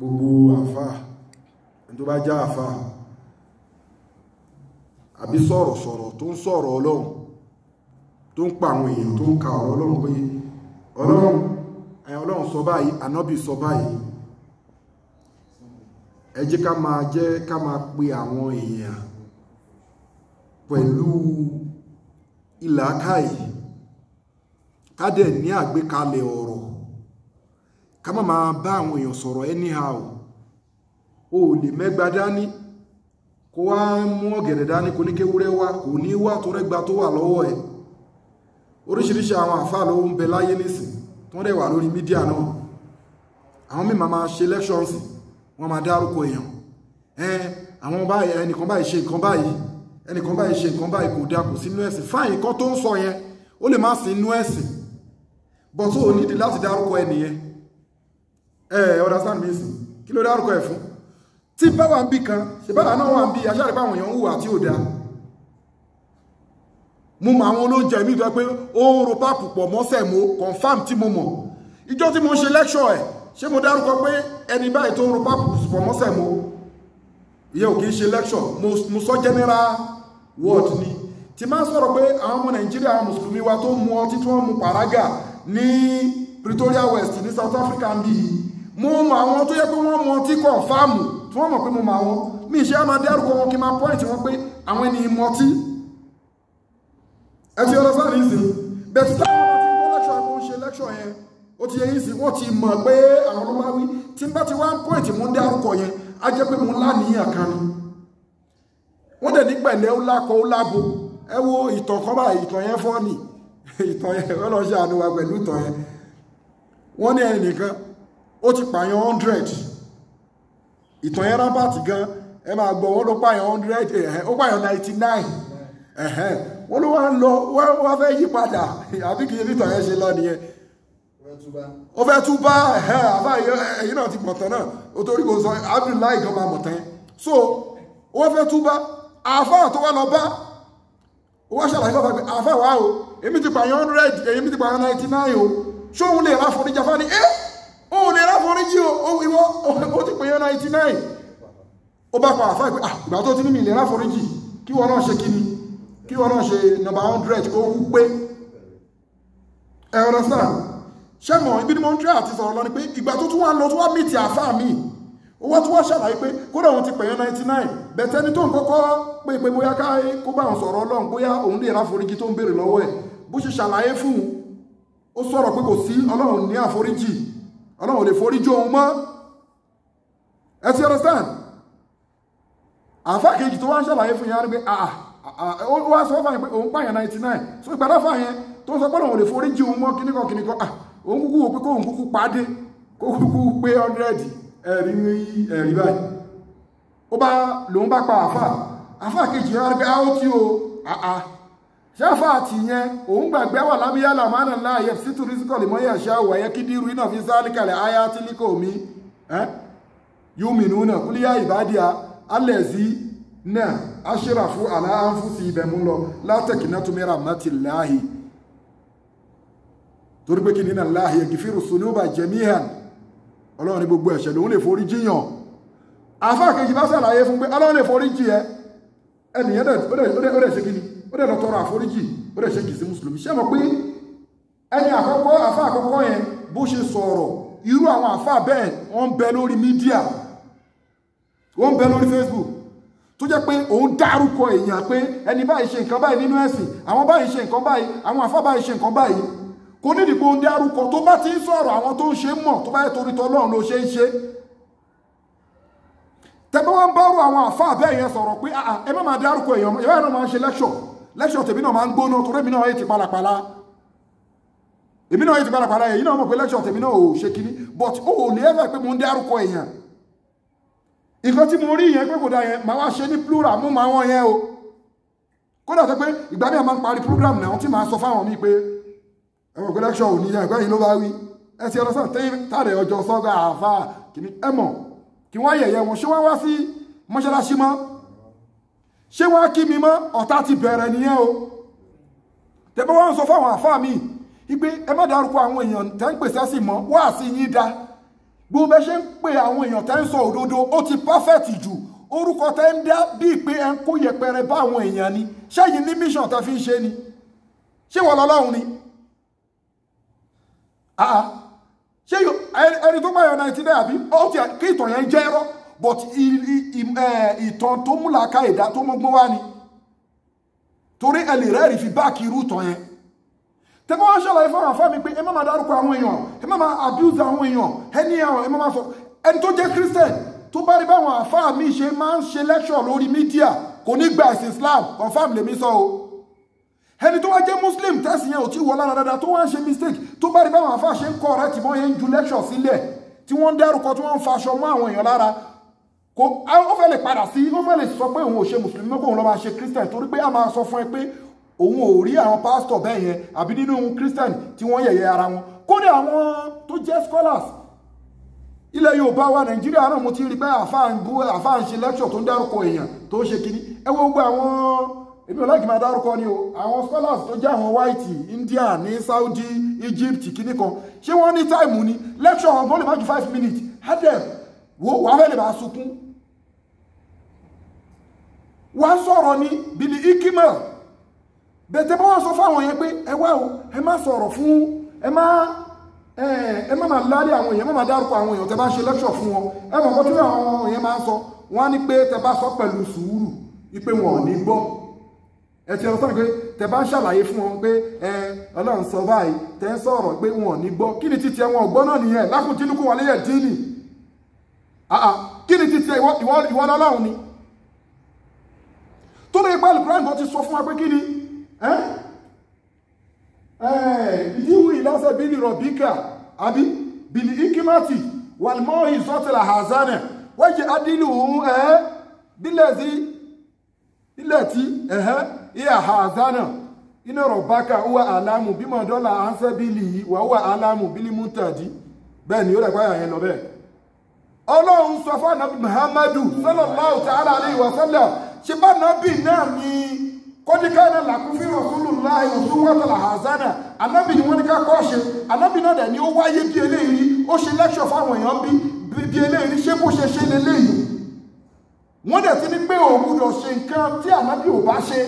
gbogbo àfà tó bá já àfà àbí sọ̀rọ̀ sọ̀rọ̀ tó ń sọ̀rọ̀ ọlọ́run tó ń pa àwọn èèyàn tó ń ka ọ̀rọ̀ ọlọ́run pé ọlọ́run ẹ̀yàn ọlọ́run sọ báyìí ànábì sọ báyìí ẹ jẹ́ ká máa jẹ́ ká máa pe àwọn èèyàn pẹ̀lú ìlàkàyè ká dẹ̀ ní àgbékalẹ̀ ọ̀rọ̀ ká má máa bá àwọn èèyàn sọ̀rọ̀ anyhow o ò lè mẹ́gba dání kó wá mú ọ̀gẹ̀dẹ̀ dání kò ní kéwúrẹ́ wá kò ní wá tó rẹ́gba tó wà lọ́wọ́ ẹ̀ oríṣiríṣi àwọn àfáà ló ń bẹ láyé nísìn tí wọ́n dẹ̀ wà lórí mídíà náà àwọn mímọ̀ máa ṣe elections wọ́n máa dárúkọ èèyàn ẹn àwọn báyìí ẹnìkan báyìí ṣe nǹkan báyìí ẹnìkan báyìí ṣe nǹkan báyìí kò dáa kò sí inú ẹ̀sìn fáyìn kan tó ń sọ yẹn ó lè má sí inú ẹ̀sìn bọ́tò ò nídìí láti dárúkọ ẹnìyẹn ẹ eh, understand me sin kí ló dárúkọ ẹ̀ fún tí bá wà ń bí kan ṣèbáwà náà wà ń bí aṣáàrí báwọn èèyàn ń hùwà tí ò dáa mo mọ àwọn olóúnjẹ mi tó pé ó ro pápù pọ̀ mọ́sẹ̀ mo confam tí mo mọ̀ ìjọ tí mo ṣe lẹ́kṣọ̀ ẹ̀ ṣé mo dárúkọ pé ẹni báyìí tó ro pápù pọ̀ mọ́sẹ̀ mo ìyẹn ò kì í ṣe lẹ́kṣọ̀ mo sọ general word ni tí máa sọ̀rọ̀ pé àwọn ọmọ nàìjíríà àwọn mùsùlùmí wa tó mu ọtí tí wọ́n mu pàrágà ní Pretoria West ní South Africa ń bí yìí mo mọ àwọn tó yẹ pé wọ́n mọ tí kò fáàmù tí wọ́n mọ̀ pé mo mọ àwọn mi ṣe á máa dárúkọ wọn kí n máa pọ́ìntì wọn pé àwọn ẹni mọ tí ẹ ti ọlọ́sàn ní ìsìn bẹ̀tí táwọn ọmọ tí ń gbọ́ lẹ́kṣọ̀ ẹ̀kọ́ ń ṣe lẹ́kṣọ̀ yẹn ó ti yẹn sí wọ́n ti mọ̀ pé àwọn ló bá wí tí n bá ti wá ń pọ́ìntì mo ń dárúkọ yẹn á jẹ́ pé mo láníyàn kan ni wọ́n dẹ̀ ní pẹ̀lẹ́ ó lákọ ó lábo ẹ wo ìtàn kan wọ́n ní ẹnìkan ó ti pààyàn hundred ìtàn yẹn rábàtì gan ẹ máa gbọ́ wọ́n ló pààyàn hundred ó pààyàn ninety nine ló wá lọ wọ́n fẹ́ yí padà àbí kìí ṣe lọ nìyẹn ó fẹ́ tún bá ẹ̀yìn ti mọ̀tàn náà ó torí kò sọ Abdullahi gan máa yẹn so ó fẹ́ tún bá àáfàá tó lọ bá ṣàlàyé pé àáfàá wà o èmi ti pààyàn hundred èmi ti pààyàn ninety ó lè ráforíjì o ìwọ ó ti pèyàn 99 ó bá pa àfáà ìpé ah, ìgbà tó ti ní mi lè ráforíjì kí wọ́n náà ṣe kí ni kí wọ́n náà ṣe nọmba 100 kó kú pé ẹ̀rọ sáà ṣẹ́mọ̀ ibi ni mo ń tẹ́ àti sọ̀rọ̀ lọ ni pé ìgbà tó tún wá lọ tó wá mìtì àfáà míì ó wá tún wá ṣàlàyé pé kódà òun ti pèyàn 99 bẹ̀tẹ́ ni tó ń kọ́kọ́ pé pé bóyá ká kó bá òun sọ̀rọ̀ ọlọ́run bóyá òun lè ráforíjì tó ń béèrè lọ́wọ́ ẹ̀ bó ọlọ́run ò lè forí jó òun mọ́ ẹ ti understand àfáà kejì tó wá ń ṣàlàyé fún yàrá pé ah, ah, ah, ó wá sọ fáyẹn pé òun pààyàn ninety nine so ìgbàdá fáyẹn tó ń sọ pé ọlọ́run ò lè forí jó òun mọ́ kíníkan kíníkan òun kúkú wò pé kóun kúkú pàdé kó kúkú pé hundred ẹ̀rí ẹ̀rí báyìí ó bá lòun bá pa àfáà àfáà kejì yàrá pé a ó tí o àà. ṣáfà àtìyẹn òun gbàgbé wà lábíyá làmánà láàyè sítú rísíkọ̀ lè mọ́yà ṣá ya kí fi sálíkàlẹ̀ ayá tí líkò mi yúmìnú náà kúlíyà ìbádìá alẹ́zí náà ibadi aláhánfúsì ibẹ̀ mú lọ látẹ̀kì náà tún mẹ́ra mọ́tì láàyè torí pé kí nínà láàyè gìfìrù sunuba jẹmíhàn ọlọ́run ní gbogbo o lọ tọrọ àforíjì ṣe kìí sí mùsùlùmí ṣé pé ẹni akọkọ àfa yẹn bó ṣe sọ̀rọ̀ irú àwọn àfa bẹ́ẹ̀ wọ́n ọn bẹ lórí mídíà belori Facebook tó jẹ́ pé òun dárúkọ èèyàn pé ẹni báyìí ṣe nǹkan báyìí nínú àwọn báyìí ṣe nǹkan báyìí àwọn báyìí ṣe nǹkan báyìí kò ní ìdìbò dárúkọ tó bá ti ń àwọn tó ń ṣe tó bá yẹ torí ló ṣe ń ṣe bá rú àwọn ẹ má ṣe lẹ́kṣọ̀ tèmi náà máa ń gbóná torí èmi náà èyí ti pálapàla èmi náà èyí ti pálapàla èyí náà mọ̀ pé lẹ́kṣọ̀ tèmi náà ò ṣe kíní but ó ò lè ẹ̀fẹ̀ pé mo ń dárúkọ èèyàn nǹkan tí mo rí yẹn pé kò dá yẹn màá wá ṣe ní plural mú màá wọ́n yẹn o kódà tó pé ìgbà míì máa ń parí program náà tí màá sọ fáwọn mi pé ẹ̀wọ̀n pé lẹ́kṣọ̀ ò ní yẹn ìgbẹ́yìn ló bá wí ẹ ti ọlọ́sàn tààrẹ ọjọ́ sọ́gà àáfàá kìíní ẹ̀mọ̀ kí wọ́n yẹ̀yẹ́ wọn ṣé wọ́n á kí mi mọ́ ọ̀tá ti bẹ̀rẹ̀ nìyẹn o tẹ̀bẹ́ wọ́n ń sọ fáwọn àfáà mi wípé ẹ má dárúkọ àwọn èèyàn tẹ́ ń pè sẹ́sì mọ́ wá sí yín dá gbogbo bẹ́ ṣe ń pe àwọn èèyàn tẹ́ ń sọ òdodo ó ti pọ́fẹ̀tì jù orúkọ tẹ́ ń dá bíi pé ẹ ń kó yẹpẹrẹ bá àwọn èèyàn ni ṣẹ́yìn ní mission tẹ́ fi ń ṣe ni ṣé wọ́n lọ́lọ́run ni ṣé ẹni tó bá yọ 99 àbí ó ti kí ìtọ̀ yẹn jẹ́ rọ́ but eh, ìtàn tó múlá ká ẹ̀dá tó mọ́gbọ́n wá ni torí ẹ lè rẹ́rìí fi báàkì irú ìtàn yẹn tẹ́mọ́ wá ṣàlàyé fáwọn àfáà mi pé ẹ má máa dárúkọ àwọn èèyàn ẹ má máa abuse àwọn èèyàn ẹni àwọn ẹ má máa sọ ẹni tó jẹ́ christian tó bá rí báwọn àfáà mi ṣe máa ń ṣe lecture lórí mídíà kò ní gba ẹ̀sìn islam confam lèmi sọ o ẹni tó wá jẹ́ muslim tẹ́sí yẹn ò tí wọ lára dáadáa tó wá ń ṣe mistake tó bá rí báwọn àfáà ṣe ń kọ́ ọ̀rẹ́ tìmọ́ yẹn ń ju lecture sílẹ̀ tí wọ́n ń dárúkọ tí wọ́n ń faṣọ mọ́ àwọn èèyàn lára kò ó fẹ́ lè padà sí ó fẹ́ lè sọ pé òun ò ṣe mùsùlùmí kóun lọ́ọ́ máa ṣe christian torí pé a máa sọ fún ẹ pé òun ò rí àwọn pásítọ̀ bẹ́ẹ̀ yẹn àbí nínú christian tí wọ́n yẹ̀yẹ́ ara wọn kódà àwọn tó jẹ́ scholars ilẹ̀ yorùbá wa nàìjíríà náà mo ti rí pé àfáà ń ṣe lecture tó ń dárúkọ èèyàn tó ń ṣe kínní ẹ wo gbogbo àwọn èmi ò láì kí máa dárúkọ ni o àwọn scholars tó jẹ́ àwọn white india ní saudi egypt kínní kan ṣé wọ́n ní táìmù ni lecture wọn bó lè má ju five minutes adẹ̀ wo wàá fẹ́ lè máa sunkún wọ́n sọ̀rọ̀ ní bìlì ikima bẹ̀tẹ̀ bá wọ́n sọ fáwọn yẹn pé ẹ wá o ẹ má sọ̀rọ̀ fún ẹ má ẹ má máa lárí àwọn èèyàn má máa dárúkọ àwọn èèyàn tẹ bá ń ṣe lẹ́kṣọ̀ fún wọn ẹ mọ̀ kọ́ tí àwọn èèyàn máa ń sọ wọ́n á ní pé tẹ bá sọ pẹ̀lú sùúrù ipe wọn ò ní gbọ́ ẹ ti ọ̀sán pé tẹ bá ń ṣàlàyé fún wọn pé ẹ ọlọ́run sọ báyìí tẹ ń sọ̀rọ̀ pé wọn ò ní gbọ́ kí ni títí ẹwọn ọ̀gbọ́n náà nìyẹn lákùntínú kó wọlé yẹ dín nì kí ni títí ìwọ ọlọ́run ni tó lè pa alukuran kan ti sọ fún wa pé kí ni ìdíwù ìlọ́sẹ̀ bíi rọ̀bíkà àbí bíi ikimati wàlmọ́ ìsọ́tìlà hazanẹ̀ wọ́n jẹ́ adílù bílẹ̀ tí ìyá hazanẹ̀ iná rọ̀bákà wà aláàmù bímọ dọ́là ánsẹ́ bílì yìí wà wà aláàmù bílì mútàdí bẹ́ẹ̀ ni ó dàgbà yà yẹn lọ bẹ́ẹ̀ ọlọ́run sọ fún ànábì muhammadu sallallahu ta'ala alayhi wa sallam ṣe bá nábì náà ni kọ́díkánà làkúfí rasulullahi òṣùwọ́tàlà hazana anábì ni wọ́n ní ká kọ́ ṣe anábì náà dẹ̀ ni ó wáyé bí eléyìí ó ṣe lẹ́kṣọ̀ fáwọn èèyàn bí bí eléyìí ṣé bó ṣe ṣe leléyìí wọ́n dẹ̀ ti ní pé ò gbúdọ̀ ṣe nǹkan tí anábì ò bá ṣe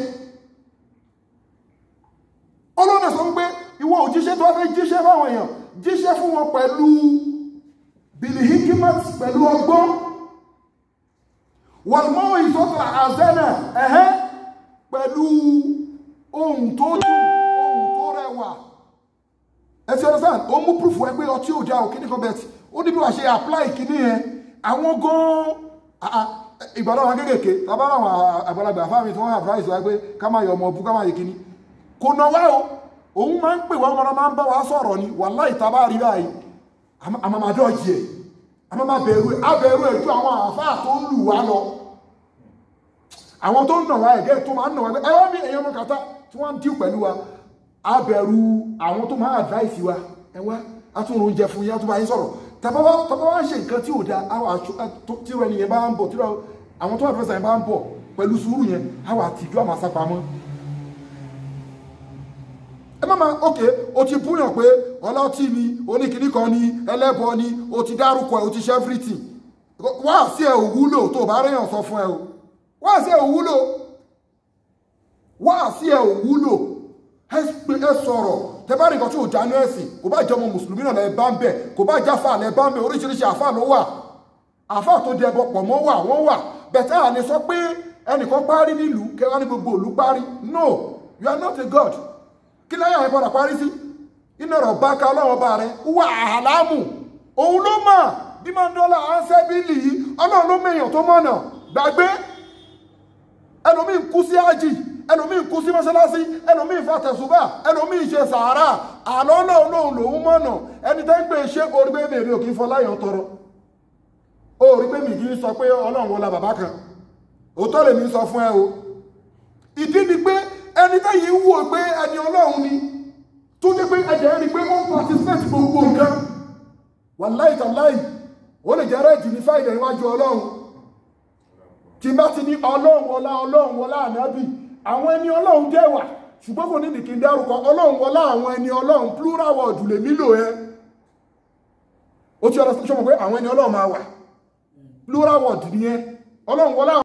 ọlọ́nà sọ pé ìwọ òjíṣẹ́ tó wá fẹ́ jíṣẹ́ fáwọn èèyàn jíṣẹ́ fún wọn pẹ̀lú bìlìhíkímọ́tì pẹ̀lú ọgbọ́n wọ́n mọ́ ìsọ́tọ̀ àzẹ́nà ẹ̀hẹ́ pẹ̀lú ohun tó dùn ohun tó rẹwà ẹ ti understand ó mú proof ẹ pé ọtí òjá ò kíní kan bẹ́ẹ̀ tí ó ní bí wàá ṣe apply kíní yẹn àwọn gan-an ìgbàdàn wọn kéékèèké tábà àwọn àgbàlagbà fáwọn mi tí wọ́n advice wa pé ká máa yọ ọmọ ọbú ká máa yẹ kíní kò nà wá o òun máa ń pè wá ọmọ náà máa ń bá wa sọ̀rọ̀ ni wàláì tábà rí báyìí àmàmàdọ́ yìí a máa bẹ̀rù abẹ̀rù ẹ̀jú àwọn àáfàá tó ń lù wá lọ àwọn tó ń nà wá ẹ̀gẹ́ tó máa ń nà wá ẹ wá ní èèyàn mọ́kàtá tí wọ́n ń díw pẹ̀lú wa abẹ̀rù àwọn tó máa advice wa ẹ wá atúnrò oúnjẹ fún yín atúbà yín sọ̀rọ̀ tàbá wá ń ṣe nǹkan tí ò da àwọn ẹni yẹn bá ń bọ̀ tí àwọn tó wà fẹsẹ̀ yẹn bá ń bọ̀ pẹ̀lú sùúrù yẹn àwọn àtijọ́ àmàṣàpamọ́ ẹ má máa ok o ti búyàn pé ọlọ́tí ni oníkìní kan ni ẹlẹ́bọ ni o ti dárúkọ ẹ o ti ṣe everything wá sí ẹ òwúlò tó o bá réyàn sọ fún ẹ o wá sí ẹ òwúlò wá sí ẹ òwúlò ẹ sọ̀rọ̀ tẹ bá rí nǹkan tí ò jánu ẹ̀sìn kò bá jẹ́ ọmọ mùsùlùmí náà lẹ bá ń bẹ kò bá jáfa lẹ bá ń bẹ oríṣiríṣi àfa ló wà àfa tó di ẹbọ pọ̀ mọ́ wà wọ́n wà bẹ̀tẹ́ àní sọ pé ẹnìkan parí nílùú kẹwàá ní gbogbo òlú parí no you are not a god kí láyà yẹn padà parí sí iná ọ̀rọ̀ bá ka ọlọ́run ọba rẹ wà áhàlámù òun ló mà bí máa ń dọ́là ánsẹ́ bílì yìí ọlọ́run ló mẹ́yàn tó mọ̀nà gbàgbé ẹlòmíì ń kú sí ájì ẹlòmíì ń kú sí mọ́ṣáláṣí ẹlòmíì ń fa tẹ̀sùbà ẹlòmíì ṣe sàárà àlọ́ náà lòun lòun mọ̀nà ẹni tẹ́ ń gbé ṣé orí pé mèrè òkè fọ láyàn tọrọ orí pé mìkì sọ pé ọlọ́run wọlá bàbá kan òótọ́ lèmi sọ fún ẹ o ìdí ni pé ẹni tẹ́yìn ń wò pé ẹni ọlọ́run ni tó jẹ́ pé ẹ̀jẹ̀ rí pé ó ń participate gbogbo nǹkan wàláì tàláì ó lè jẹ́ rẹ́ẹ̀dì ní fáìlì níwájú ọlọ́run tí bá ti ní ọlọ́run wọlá ọlọ́run wọlá ànábì àwọn ẹni ọlọ́run dẹ̀ wà ṣùgbọ́n kò ní nìkí dárúkọ ọlọ́run wọlá àwọn ẹni ọlọ́run plural word lè nílò ẹ ó ti ọ̀rọ̀ sọ́mọ̀ pé àwọn ẹni ọlọ́run máa wà plural word nìyẹn ọlọ́run wọlá